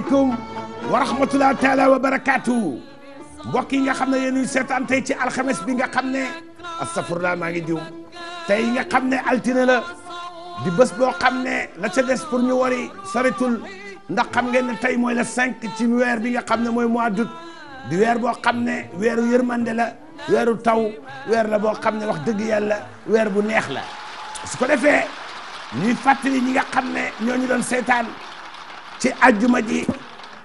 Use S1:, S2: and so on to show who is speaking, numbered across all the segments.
S1: aleykum wa rahmatulah taala wa barakaatu yi nga xam ne yéen ñu seetaan ci alxames bi nga xam ne astafurlah maa ngi jiw tey nga xam ne altine la di bés boo xam ne la ca des pour ñu wari ndax xam ngeen ne tey mooy la cinq ci weer bi nga xam ne mooy mois d'août di weer boo xam ne weeru yërmande la weeru taw weer la boo xam ne wax dëgg yàlla weer bu neex la su ko defee ñuy fàttali ñi nga xam ne ñoo ñu doon seetaan. ci ajjuma ji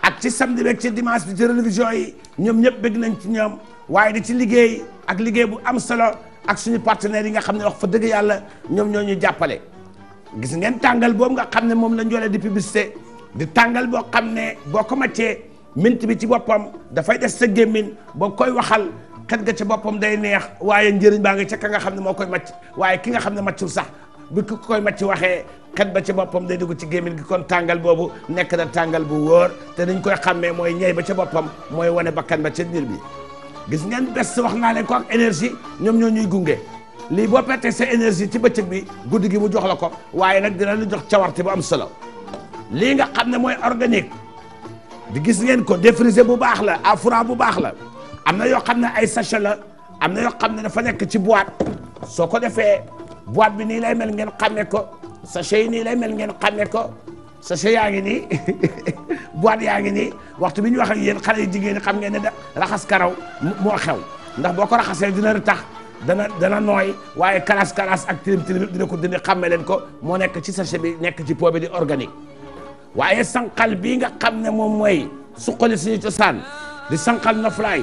S1: ak ci samedi beeg ci dimanche bi ci télévision yi ñoom ñëpp bëgg nañ ci ñoom waaye di ci liggéey ak liggéey bu am solo ak suñu partenaires yi nga xam ne wax fa dëgg yàlla ñoom ñoo ñu jàppale gis ngeen tàngal boobu nga xam ne moom la njoolee di publicité di tàngal boo xam ne boo ko màccee mint bi ci boppam dafay des sa gémmiñ boo koy waxal xet ga ci boppam day neex waaye njëriñ baa nga ca ka nga xam ne moo koy màcc waaye ki nga xam ne màccul sax bu ki koy xet ba ci boppam day dugg ci gémmiñ gi kon tàngal boobu nekk na tàngal bu wóor te dañ koy xàmmee mooy ñey ba ci boppam mooy wane bakkan ba ca biir bi gis ngeen wax naa leen ko ak énergie ñoom ñoo ñuy gunge lii boo pettee sa énergie ci bëccëg bi guddi gi mu jox la ko waaye nag dina la jox cawarte bu am solo lii nga xam ne mooy organique di gis ngeen ko défrisé bu baax la à froid bu baax la am na yoo xam ne ay sachet am na yoo xam ne fa nekk ci boîte soo ko defee boîte bi nii mel ngeen xàmmee ko sa yi nii lay mel ngeen xàmme ko sachet yaa ngi nii boîte yaa ngi nii waxtu bi ñu wax ak yéen xale yu jigéen xam ngeen ne da raxas karaw moo xew ndax boo ko raxasee dina tax dana dana nooy waaye kalas kalas ak tilim tilim dina ko dindi xàmme leen ko moo nekk ci sachet bi nekk ci pot bi di organique waaye sànqal bii nga xam ne moom mooy suqali suñu cosaan di sànqal noflaay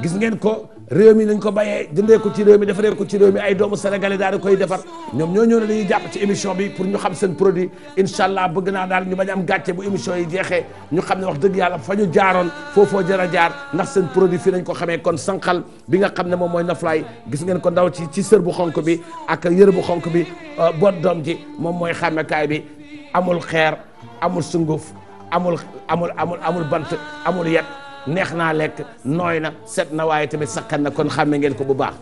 S1: gis ngeen ko réew mi nañ ko bayee jëndee ko ci réew mi defaree ko ci réew mi ay doomu sénégalais daal di koy defar ñoom ñoo ñëw ne dañuy jàpp ci émission bi pour ñu xam seen produit incha allah bëgg naa daal ñu bañ am gàcce bu émission yi jeexee ñu xam ne wax dëgg yàlla fa ñu jaaroon foofoo jar a jaar ndax seen produit fii nañ ko xamee kon sànqal bi nga xam ne moom mooy naflaay gis ngeen ko ndaw ci ci sër bu xonk bi ak yër bu xonk bi euh, boot doom ji moom mooy xàmmekaay bi amul xeer amul sunguf amul amul amul amul bant amul yet neex naa lekk nooy na set na waaye tamit sakkan na kon xàmme ngeen ko bu baax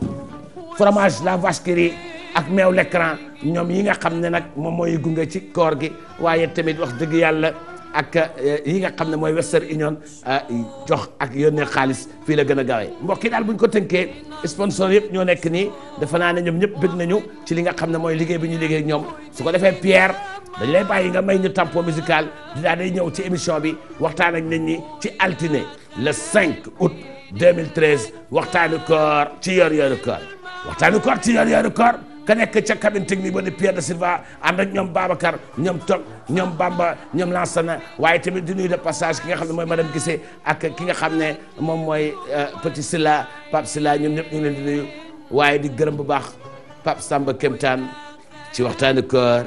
S1: fromage la vache qui rit ak meew l'écran ñoom yi nga xam ne nag moom mooy gunge ci koor gi waaye tamit wax dëgg yàlla ak eh, yi nga xam ne mooy Western Union eh, jox ak yónnee xaalis fii la gën a gaawee mbokk yi daal bu ñu ko tënkee sponsor yëpp ñoo nekk nii defe naa ne ñoom ñëpp bëgg nañu ci li nga xam ne mooy liggéey bi ñu liggéey ñoom su ko defee Pierre dañ lay bàyyi nga may ñu tempo musical di daal day ñëw ci émission bi waxtaan ak nit ñi ci altine le 5 août 2013 waxtaanu koor ci yor yoru koor waxtaanu koor ci yor yoru koor ka nekk ca cabine technique ba di Pierre de Silva ànd ak ñoom Babacar ñoom Tog ñoom Bamba ñoom waaye tamit di nuyu de ki nga xam ne mooy madame Guissé ak ki nga xam ne moom mooy euh, Petit Silla Pape Silla ñoom ñëpp ñu leen di waaye di gërëm bu baax Pape Samba ci waxtaanu koor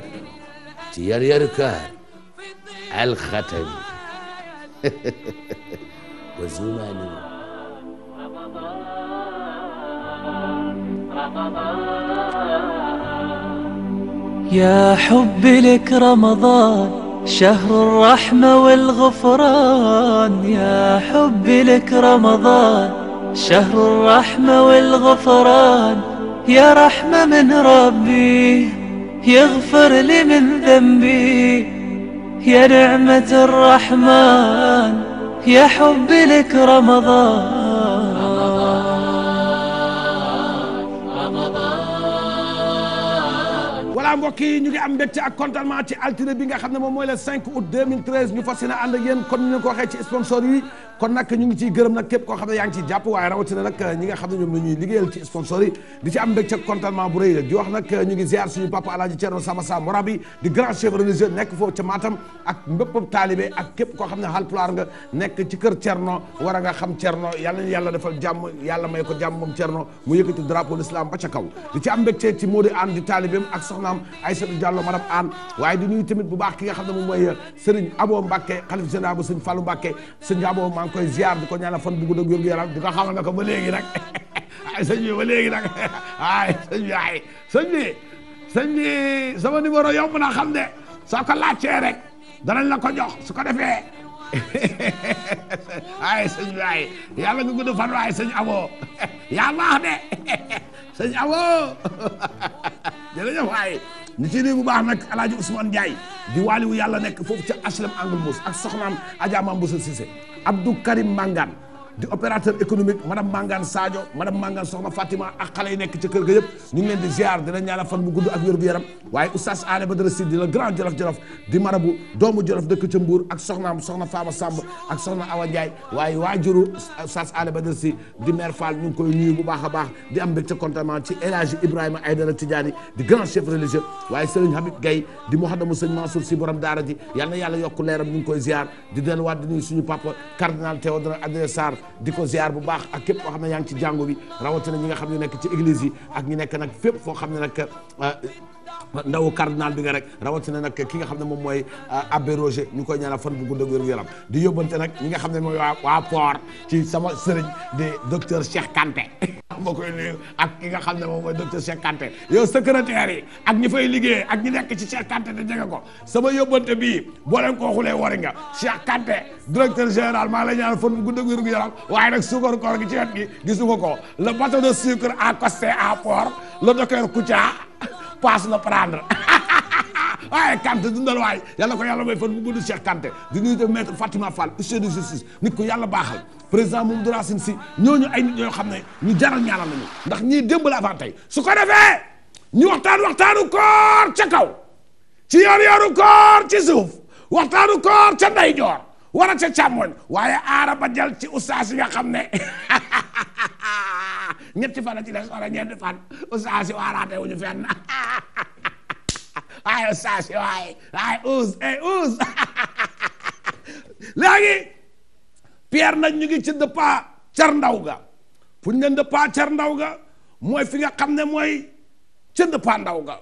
S1: ci yar yaru koor alxatami wa zumaani
S2: يا حبي لك رمضان شهر الرحمة والغفران يا حبي لك رمضان شهر الرحمة والغفران يا رحمة من ربي يغفر لي من ذنبي يا نعمة الرحمن يا حبي لك رمضان
S1: voilà mbokk yi ñu ngi am mbégte ak contentement ci altine bi nga moom mooy le 5 août 2013 ñu fas yéene ànd ak yéen comme ni ñu ko kon nag ñu ngi ciy gërëm nag képp koo xam ne yaa ngi ciy jàpp waaye rawatina nag euh, ñi nga xam ne ñoom la ñuy liggéeyal ci sponsor yi di ci am mbégte contentement bu rëy rek di wax nag euh, di grand chef nekk foofu ca Matam ak mbépp taalibe ak képp koo xam ne Haalpulaar nga nekk ci kër Thierno war a nga xam Thierno yàlla na yàlla defal jàmm yàlla may ko jàmm moom Thierno mu yëkkati drapeau l'islam ba ca kaw di ci am mbégte ci Modou Anne di taalibeem ak soxnaam Aïssatou Diallo madame waaye di nuyu tamit bu baax ki nga xam ne moom mooy euh, Serigne Abo Mbacké xalif général bu maa ngi koy ziar di ko ñaanal fan bu gudd ak wér gu ko xamal ne ko ba léegi nag ay bi ba léegi nag ay bi ay sëñ bi sëñ bi sama numéro yomb na xam ne soo ko laajtee rek danañ la ko jox su ko defee ay sëñ bi ay yàlla nga gudd fan waay sëñ Abo yaa baax de sëñ Abo jërëjëf waay. ñu ciy nuyu bu baax nag El Hadj Ousmane Ndiaye di waaliwu yàlla nekk foofu ca HLM Angle Mousse ak soxnaam Adja Mamboussa Cissé Abdou Karim Mangane di opérateur économique madame Mangane Sadio madame Mangane Soxna Fatima ak xale yi nekk ci kër ga yëpp di ziar di leen ñaanal fan bu gudd ak wér-gu-yaram waaye oustaz Alé Badara Sy di la grand jolof jolof di marabu ak soxna Awa Ndiaye waaye waajuru oustaz Alé Badara Sy di maire Fall ñu ngi koy nuyu bu baax a baax di am mbégte contentement ci El Hadji Ibrahima Aïdara Tidiane di grand chef religieux waaye Serigne Habib Gaye di Mouhadamu Sëñ Mansour si borom daara ji yal na yàlla yokk leeram ñu ngi koy ziar di delluwaat di nuyu suñu papa cardinal di ko ziar bu baax ak képp koo na ne yaa ngi ci jàngu bi rawatina ñi nga xam ne nekk ci église yi ak ñi nekk nag fépp foo xam ne nag euh, ndaw cardinal bi nga rek rawatina nag ki nga xam ne moom mooy euh, abbé Roger ñu koy ñaanal fan bu gudd ak wér gu di yóbbante nag ñi nga xam ne mooy waa waa port ci sama sëriñ di docteur Cheikh Kanté moo koy nuyu ak ki nga xam ne moom mooy docteur Cheikh Kanté yow secrétaire yi ak ñi fay liggéey ak ñi nekk ci Cheikh Kanté da jege ko sama yóbbante bii boo leen koo xulee wari nga Cheikh Kanté directeur général maa la ñaanal fan bu gudd ak wér gu yaram waaye nag suukar koor gi ci wet gi gisuma ko la bateau de sucre accosté à port le paas la prendre waaye Kanté dundal waay yàlla ko yàlla may fan bu gudd Cheikh Kanté di nuyu de maître Fatima Fall huissier de justice nit ko yàlla baaxal président Mamadou Racine Sy ñooñu ay nit ñoo xam ne ñu jaral ñaanal nañu ndax ñii démb la avant tey su ko defee ñu waxtaan waxtaanu koor ca kaw ci yor-yoru koor ci suuf waxtaanu koor ca ndeyjoor wala ca càmmoñ waaye aara ba jël ci ustaas yi nga xam ne ñetti fan a ci des wala ñeenti fan oustaz yi waaraate wuñu fenn waaye oustaz yi waaye waaye oust eh oust Pierre nag ñu ngi ci dëppaa car ndaw ga fu ñu leen dëppaa car ndaw ga mooy fi nga xam ne mooy ca dëppaa ndaw ga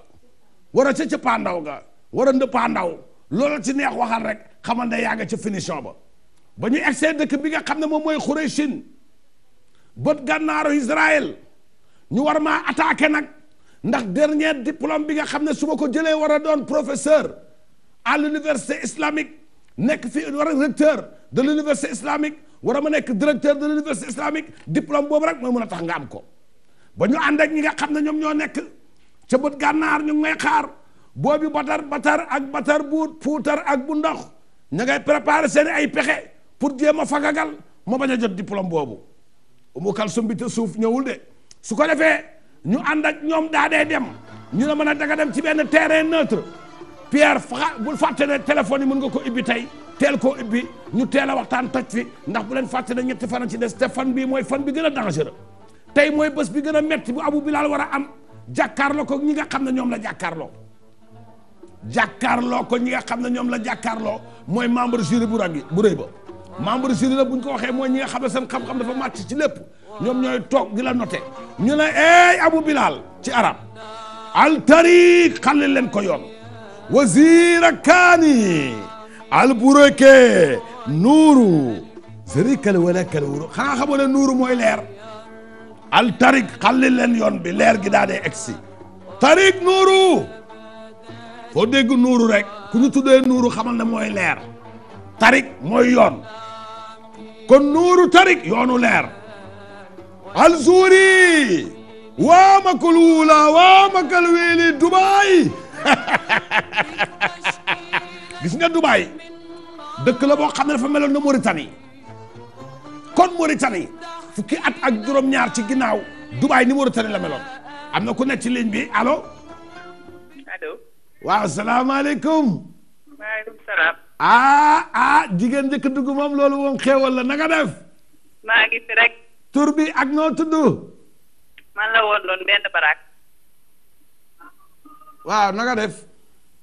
S1: wara a ca cëppaa ndaw ga war a dëppaa ndaw loolu si neex waxal rek xamal ne yaa nga ca finition ba ba ñu egsee dëkk bi nga xam ne moom mooy Xuraysin bët gànnaaru Israël ñu war maa attaqué nag ndax dernier diplôme bi nga xam ne su ma ko jëlee war a doon professeur à l'université islamique nekk fi war a recteur de l'université islamique war a ma nekk directeur de l'université islamique diplôme boobu rek mooy mën a tax nga am ko ba ñu ànd ak ñi nga xam ne ñoom ñoo nekk ca bët gànnaar ñu ngi may xaar boobu batar batar ak batar buut puutar ak bu ndox ña ngay préparer seen ay pexe pour jéem a fagagal ma bañ a jot diplôme boobu umu kalsum bi te suuf ñëwul de su ko defee ñu ànd ak ñoom daa dee dem ñu ne mën a daga dem ci benn terrain neutre Pierre fa bu fàtte ne téléphone yi mën nga ko ibbi tey teel koo ibbi ñu teel a waxtaan toj fi ndax bu leen fàtte ne ñetti fan ci des te fan bii mooy fan bi gën a dangereux tey mooy bés bi gën a metti bu Abu Bilal war a am jàkkaarloo ko ñi nga xam ne ñoom la jàkkaarloo jàkkaarloo ko ñi nga xam ne ñoom la jàkkaarloo mooy membre jury bu rëy bu rëy ba membre jury la bu ñu ko waxee mooy ñi nga xam ne seen xam-xam dafa màcc ci lépp ñoom ñooy toog di la noté ñu ne ey Abu Bilal ci arab altari xale leen ko yoon wazira kaani albureke nuuru zërikal wala kalawuru xanaa xamoo ne nuuru mooy leer al tarik xalli leen yoon bi leer gi daa dee egsi tarik nuuru foo dégg nuuru rek ku ñu tuddee nuuru xamal ne mooy leer tarik mooy yoon kon nuuru tarik yoonu leer al zuuri waamakul wuula waamakal weeli Dubaay gis nga Dubaay dëkk la boo xam ne dafa meloon na Mauritanie kon Mauritanie fukki at ak juróom-ñaar ci ginnaaw Dubaay ni Mauritanie la meloon am na ku nekk ci ligne bi allo. allo. waaw salaamaaleykum. ah ah jigéen njëkk dugg moom loolu moom xéewal la na nga def.
S2: maa ngi rek.
S1: tur bi ak noo tudd.
S2: man la woon loon benn baraak.
S1: waaw na nga def.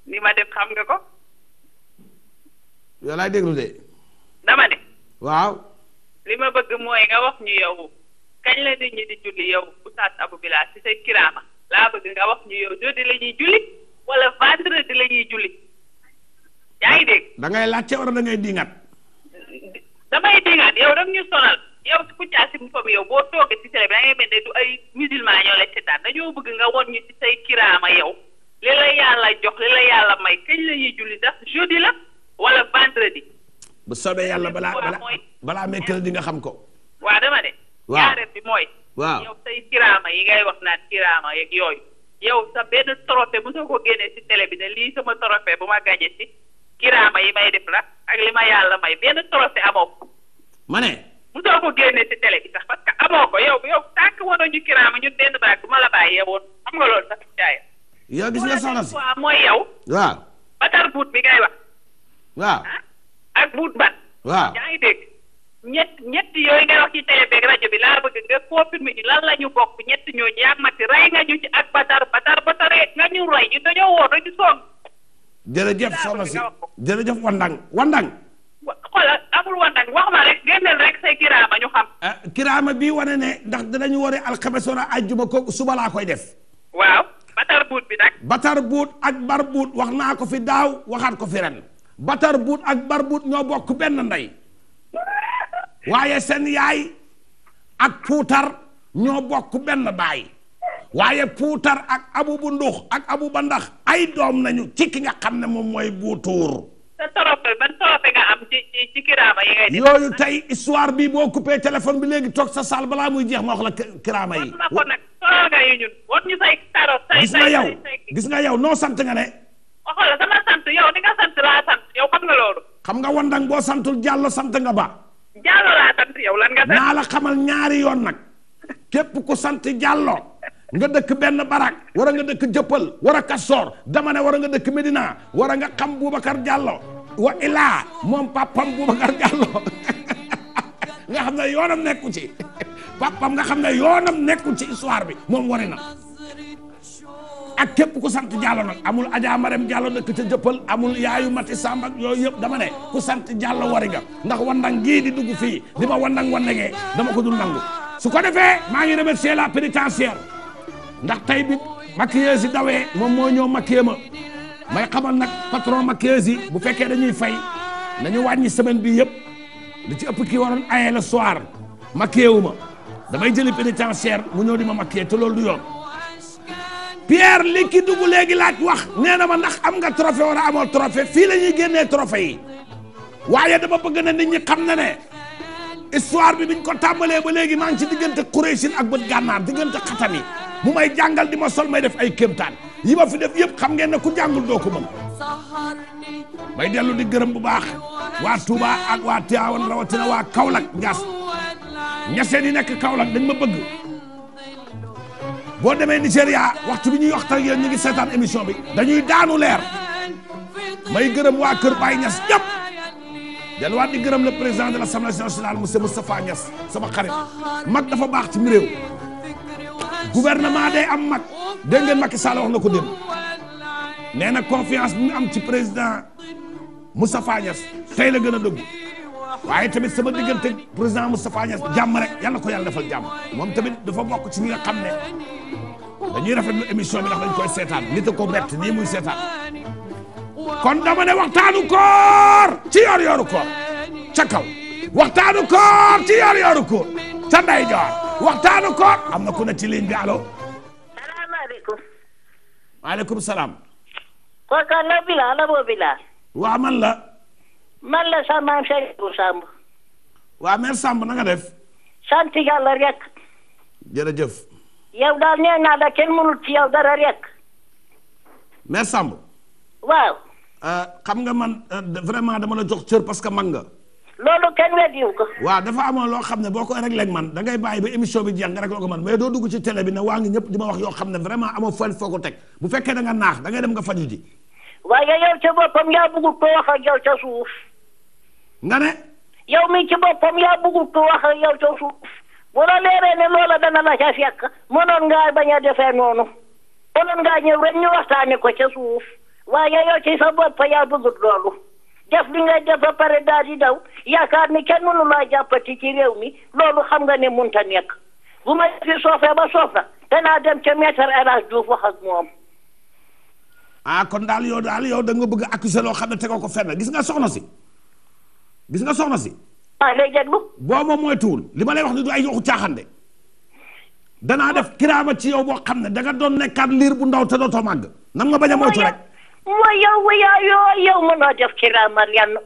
S2: li ma def xam nga ko.
S1: yow laay déglu de.
S2: dama de. waaw. li bëgg mooy nga wax ñu yow kañ la de ñi di julli yow Oustaz Abou Bilal ci sa kiraama laa bëgg nga wax ñu yow jeudi la ñuy julli wala vendredi la ñuy julli.
S1: da ngay laajte wala da ngay diingat.
S2: damay diingat yow rek ñu sonal yow Kouthia si mu yow boo toogee ci télé bi da ngay mel ne du ay musulman ñoo la ci daan dañoo bëgg nga won ñu ci say kiraama yow li la yàlla jox li la yàlla may kañ la ñuy julli ndax jeudi la wala vendredi.
S1: bu soobee yàlla balaa balaa
S2: balaa mercredi nga xam ko. waaw dama de. waaw ñaareel bi mooy. waaw yow say kiraama yi ngay wax naan kiraama yeeg yooyu. yow sa benn trophée bu soo ko génnee ci télé bi ne lii sama trophée bu ma gagné ci kiraama yi may def la ak li ma yàlla may benn trophée amoo ko. ma ne. mu soo ko génne si télé parce que amoo ko yow yow tànk woon ñu kiraama ñun benn baag bu ma la bàyyee woon xam nga loolu sax jaay.
S1: nga soxna si
S2: waaw batar buut bi ngay wax. Ah? ak buut ban. waaw yaa ngi dégg. ñett ñett yooyu ngay wax ci rajo bi laa bëgg nga confirmer ñu lan la ñu bokk ñett ñooñu nga ñu ak batar batar bataree nga ñu rey ñu dañoo woon rek ñu
S1: jërëjëf soxna si jërëjëf wandang wandang
S2: xoolal amul wandang wax ma rek génneel rek say kiraama ñu xam.
S1: Ah, kiraama bii wane ne ndax dinañu waree alxames a àjjuma ko suba laa koy def. waaw
S2: batar buut bi nag.
S1: batar buut ak bar buut wax naa ko fi daaw waxaat ko fi ren. batar buut ak bar buut ñoo bokk benn ndey. waaye seen yaay ak puutar ñoo bokk benn baay. waaye puutar ak abu bu ak abu ba ndax ay doom nañu ci ki nga xam ne moom mooy buutuur. yooyu tey histoire bii boo coupé téléphone bi léegi toog sa saal balaa muy jeex ma wax la kiraama yi.
S2: ma nag gis nga yow gis nga yow noo
S1: sant nga ne. waxoon oh, la sama
S2: xam nga loolu.
S1: xam nga wandang boo santul jàllo sant nga ba.
S2: jàllo
S1: xamal ñaari yoon nag képp ku sant jàllo nga dëkk benn barak wara nga dëkk jëppal wara a kastoor dama ne war a nga dëkk Medina war nga xam Boubacar Diallo wa ilaa moom pappam Boubacar Diallo nga xam ne yoonam nekku ci papam nga xam ne yoonam nekku ci histoire bi moom wari na ak képp ku sant Diallo nag amul Adja Marème Diallo dëkk ca jëppal amul yaayu Mati Samba yooyu yëpp dama ne ku sant Diallo wari nga ndax wandang gii di dugg fii di ma wandang wandegee dama ko dul nangu su ko defee maa ngi remercier la pénitentiaire ndax tey bi maquilleuse yi moom moo ñëw maquillé ma may xamal nag patron maquilleuse yi bu fekkee dañuy fay nañu wàññi semaine bi yëpp li ci ëpp kii waroon aye le soir maquillé wu ma damay jëli pénitentiaire mu ñëw di ma maquillé te loolu du yoon Pierre li ki dugg léegi laaj wax nee na ma ndax am nga trophée wala amoo trophée fii la ñuy génnee trophée yi waaye dama bëgg na nit ñi xam na ne histoire bi biñ ko tàmbalee ba léegi maa ngi ci diggante Kuréesin ak bët gànnaar diggante xatam yi mu may jàngal di ma sol may def ay kéemtaan yi ma fi def yëpp xam ngeen ne ku jàngul doo ko mën may dellu di gërëm bu baax waa Touba ak waa Tivaouane rawatina waa Kaolack Njaas ñaseen yi nekk Kaolack dañ ma bëgg boo demee Nigéria waxtu bi ñuy waxtaan yéen ñu ngi seetaan émission bi dañuy daanu leer may gërëm waa Kër Baye Niass ñëpp delluwaat di gërëm le président de l'Assemblée nationale monsieur Moustapha Niass sama xarit mag dafa baax ci mi
S2: gouvernement day am
S1: mag dégg ngeen Macky Sall wax na ko dem nee na confiance mu am ci président Moustapha Niass tey la gën a dëgg waaye tamit sama diggante président Moustapha Niass jàmm rek na ko yàlla defal jàmm moom tamit dafa bokk ci ñi nga xam ne dañuy rafetlu émission bi ndax dañ seetaan nit a ko bett nii muy seetaan kon dama ne waxtaanu koor ci yor-yoru koor ca kaw waxtaanu koor ci yor-yoru koor ca ndeyjoor waxtaanu koor am na ku ne ci ligne bi allo. salaamaaleykum. maaleykum salaam.
S3: kooku an la Bilal la boo Bilal. waa man la. man la sa maam Seydou Samb. waa mère Samb na nga def. sant yàlla rek. jërëjëf. yow daal nee naa la kenn mënul ci yow dara rek. mère Samb. waaw.
S1: Euh, xam nga man euh, vraiment dama la jox cër parce que mag nga. loolu kenn weddiwu ko. waaw dafa amoon loo xam ne boo ko réglé ak man da bàyyi ba émission bi jeex nga réglé ko man mais doo dugg ci télé bi ne waa ngi ñëpp di ma wax yoo xam ne vraiment amoo fenn foo
S3: waaye yow ci boppam yaa bëggul ko wax ak yow ca suuf. nga ne. yow mi ci boppam yaa bëggul ko wax ak yow ca suuf bu la leeree ne loola dana la ca fekk mënoon ngaa bañ a defee noonu mënoon ngaa ñëw rek ñu waxtaanee ko ca suuf waaye yow ci sa bopp yaa bëggut loolu. def li ngay def ba pare daal di daw yaakaar ni kenn mënu laa jàppati ci réew mi loolu xam nga ne munta nekk bu ma fi soofee ba soof na danaa dem ca maître El ak moom.
S1: ah kon daal yow daal yow nga bëgg a loo xam ne tegoo ko fenn gis nga soxna si gis nga soxna si. ah lay boo moom moytuwul li ma lay wax ni du ay waxu def kiraama ci yow boo xam ne danga doon nekkaat liir bu ndaw te dootoo màgg. nam nga bañ a moytu rek.
S3: wa yow wa yow yow mënoo def ci ramal yàlla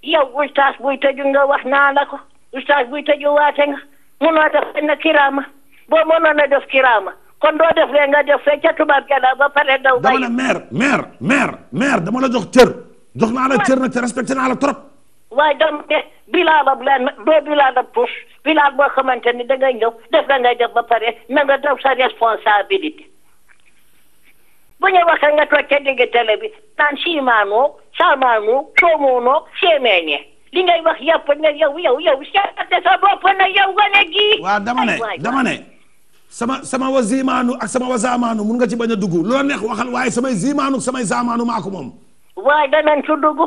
S3: yow ustaas buy tëju nga wax naa la ko ustaas buy tëju waate nga mënoo def benn kiraama boo mënoon a def kiraama kon doo def lee nga def fee ca tubaab jala ba pare daw. dama ne maire
S1: maire maire
S3: maire dama la jox cër.
S1: jox naa la cër nag te respecté naa la trop.
S3: waaye dama ne bilaa la leen doo bilaa la puus bilaa boo xamante ni dangay ñëw def la ngay def ba pare na nga def sa responsabilité. Bună vakanga toate dinge telebi. Tan si mano, sa mano, chomo no, semene. li ngay wax yàpp na yow yow yow seete sa bopp na yow wane gii. waaw dama waa dama ne. sama
S1: sama wa zimaanu ak sama wa zaamaanu mun nga ci bañ a dugg loola neex waxal waaye samay zimaanu samay zaamaanu maa ko moom.
S3: waaye danañ ci dugg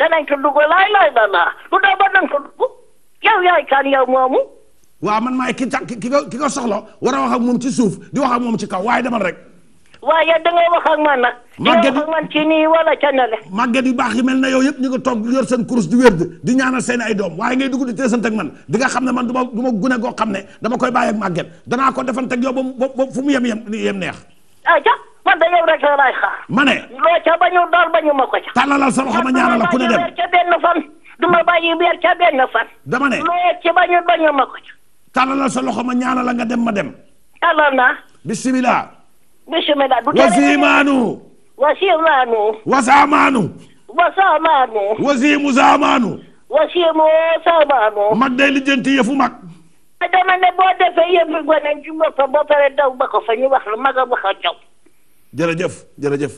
S3: danañ ci dugg laay la naa lu doo moomu. waaw man maay ki ta ki ko ki ko soxla war a moom
S1: ci suuf di wax moom ci kaw waaye demal rek. waaye da nga wax ak man nag. màgget yi man ci nii màgget yu baax yi mel na yow yëpp ñu ngi toog yor seen kurus di wér di ñaanal seen ay doom waaye ngay dugg di teesante ak man di nga xam ne man du ma gune goo xam ne dama koy bàyyi ak màgget danaa ko defanteeg yow ba
S3: mu ba fu mu yem yem yem neex. ah ja man de yow rek laay xaar. ma ne. loo ca bañu daal bañu ma ko ca. tàllalal sa loxo ma ñaanal la ku ne dem man ca benn fan. du ma bàyyi weer ca benn fan. dama ne loo ci bañu bañu ma ko ca. sa loxo ma ñaanal la nga dem ma dem. tàllal naa.
S1: bisimilah.
S3: wasiimaanu. wasiimaanu. wasaamaanu. wasaamaanu. wasiimu saamaanu. wasiimu saamaanu. mag day lijjanti yëfu mag. mais dama ne boo defee yëfu gone ci boppam ba pare daw ba ko fa ñu wax la mag a wax a jaw.
S1: jërëjëf jërëjëf.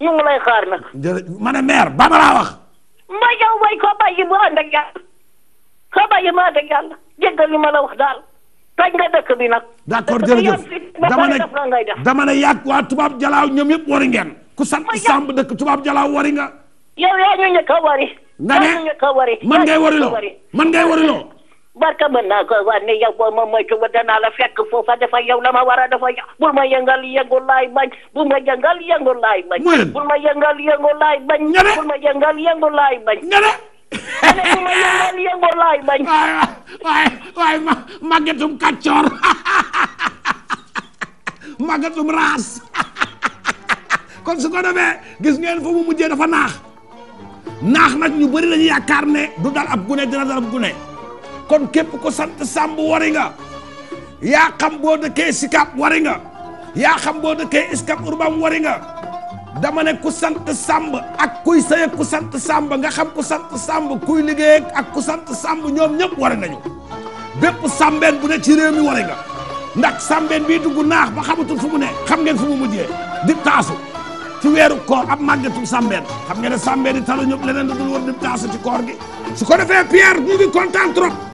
S3: ñu ngi lay xaar nag.
S1: jërëjëf ma ne maire
S3: ba ma laa wax. ma jaw mooy ko bàyyi mu ànd ak yàlla. ko bàyyi mu ànd ak yàlla jéggal li ma la wax daal. toj nga dëkk bi nag. d'accord jërëjëf dama ne dama ne yàgg waa tubaab jalaaw ñoom yëpp wari ngeen. ku sant Samb dëkk tubaab jalaaw wari nga. yow yaa ñu njëkk a wari. nga ne man ngay wariloo man ngay wariloo. barka mën naa ko wax ne yow boo ma moytu ba danaa la fekk foofa dafa yow la war a dafa bul ma yëngal yëngu laay bañ bul ma yëngal yëngu laay bañ. bul ma yëngal yëngu laay bañ. bul ma yëngal yëngu laay bañ. ma ne ma yëngoon yëngoon laay bañ. waaye waaye
S1: ma raas kon su ko defee gis ngeen fu mu mujjee dafa naax naax nag ñu bari lañuy yaakaar ne du dal ab gune dina dal ab gune kon képp ko sant Samb wari yaa xam boo dëkkee Sicap wari nga yaa xam boo dëkkee Scat Urbam wari dama ne ku sant sàmb ak kuy sëy ak ku sant sàmb nga xam ku sant sàmb kuy liggéey ak ku sant sàmb ñoom ñëpp ware nañu bépp sàmbeen bu ne ci réew mi ware nga ndax sàmbeen bii dugg naax ba xamatul fu mu ne xam ngeen fu mu mujjee di taasu ci weeru koor ab màggetu
S3: sambeen xam ngeen ne sàmbeen yi talu ñëpp leneen da dul war di taasu ci koor gi su ko defee Pierre ñu ngi kontaan trop